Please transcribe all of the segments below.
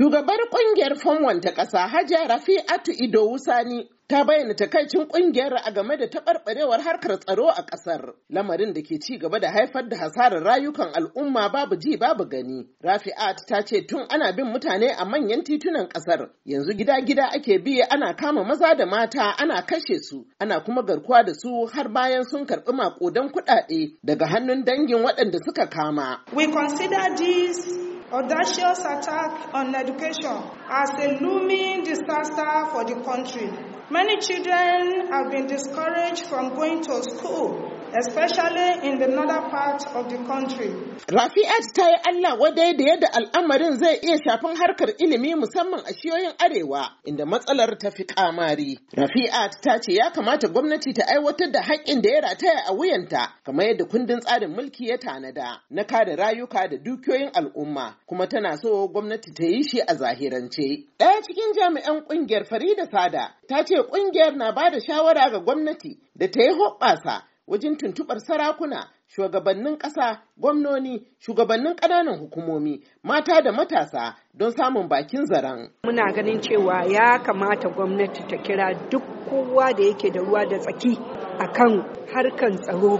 Shugabar kungiyar Famwan ta ƙasa Hajiya Rafi'atu Ido Wusani ta bayyana takaicin kungiyar a game da taɓarɓarewar harkar tsaro a ƙasar lamarin da ke ci gaba da haifar da hasarar rayukan al'umma babu ji babu gani rafi'at ta ce tun ana bin mutane a manyan titunan ƙasar yanzu gida-gida ake bi ana kama maza da mata ana kashe su ana kuma garkuwa da su har bayan sun karɓi maƙudan kuɗaɗe daga hannun dangin waɗanda suka kama we consider these audacious attack on education as a looming disaster for the country. Many children have been discouraged from going to school especially in the northern part of the country. Rafi'at ta yi Allah wadai da yadda al'amarin zai iya shafin harkar ilimi musamman a shiyoyin arewa inda matsalar ta fi kamari. Rafi'at ta ce ya kamata gwamnati ta aiwatar da haƙƙin da ya rataya a wuyanta kamar yadda kundin tsarin mulki ya tanada na kare rayuka da dukiyoyin al'umma kuma tana so gwamnati ta yi shi a zahirance. Ɗaya cikin jami'an ƙungiyar Farida Sada ta ce ƙungiyar na ba da shawara ga gwamnati da ta yi hoɓɓasa wajen tuntuɓar sarakuna, shugabannin ƙasa, gwamnoni, shugabannin ƙananan hukumomi, mata da matasa don samun bakin zaren. Muna ganin cewa ya kamata gwamnati ta kira duk kowa da yake da ruwa da tsaki a kan harkan tsaro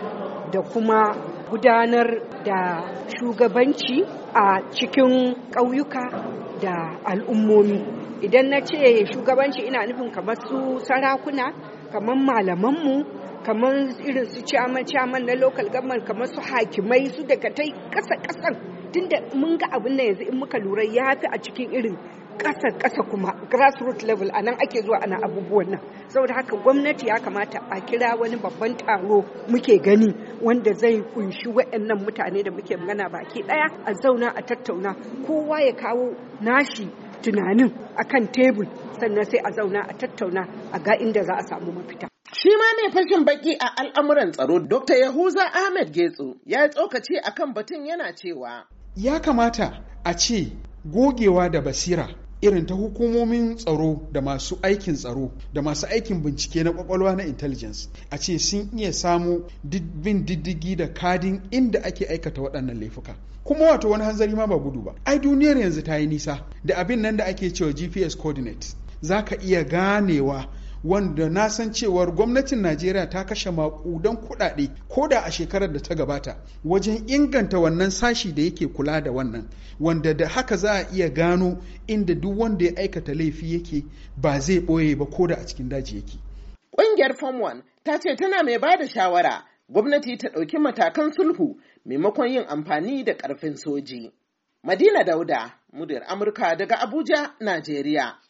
da kuma gudanar da shugabanci a cikin ƙauyuka da al'ummomi. Idan na ce shugabanci ina nufin kamar su sarakuna, kamar malamanmu kamar irin su caman na lokal government kamar su hakimai su daga ta yi kasa kasan tunda mun ga abin nan yanzu in muka lura ya fi a cikin irin kasa kasa kuma grassroots level anan ake zuwa ana abubuwan nan saboda haka gwamnati ya kamata a kira wani babban taro muke gani wanda zai kunshi waɗannan mutane da muke magana baki daya a zauna a tattauna kowa ya kawo nashi tunanin akan tebul sannan sai a zauna a tattauna a ga inda za a samu mafita Shi ma ne fashin baki a al'amuran tsaro Dr. Yahuza Ahmed Getso ya yi tsokaci a kan batun yana cewa. Ya kamata a ce gogewa da basira irin ta hukumomin tsaro da masu aikin tsaro da masu aikin bincike na kwakwalwa na intelligence a ce sun iya samu bin diddigi da kadin inda ake aikata waɗannan laifuka kuma wato wani hanzari ma ba gudu ba ai duniyar yanzu ta yi nisa da abin nan da ake cewa gps coordinates za ka iya ganewa wanda na san cewar gwamnatin najeriya ta kashe makudan kuɗaɗe ko da a shekarar da ta gabata wajen inganta wannan sashi da yake kula da wannan wanda da haka za a iya gano inda duk wanda ya aikata laifi yake ba zai ɓoye ba ko da a cikin daji yake ƙungiyar form one ta ce tana mai ba da shawara gwamnati ta ɗauki matakan sulhu maimakon yin amfani da ƙarfin soji. Madina Dauda, muryar Amurka daga Abuja, Najeriya.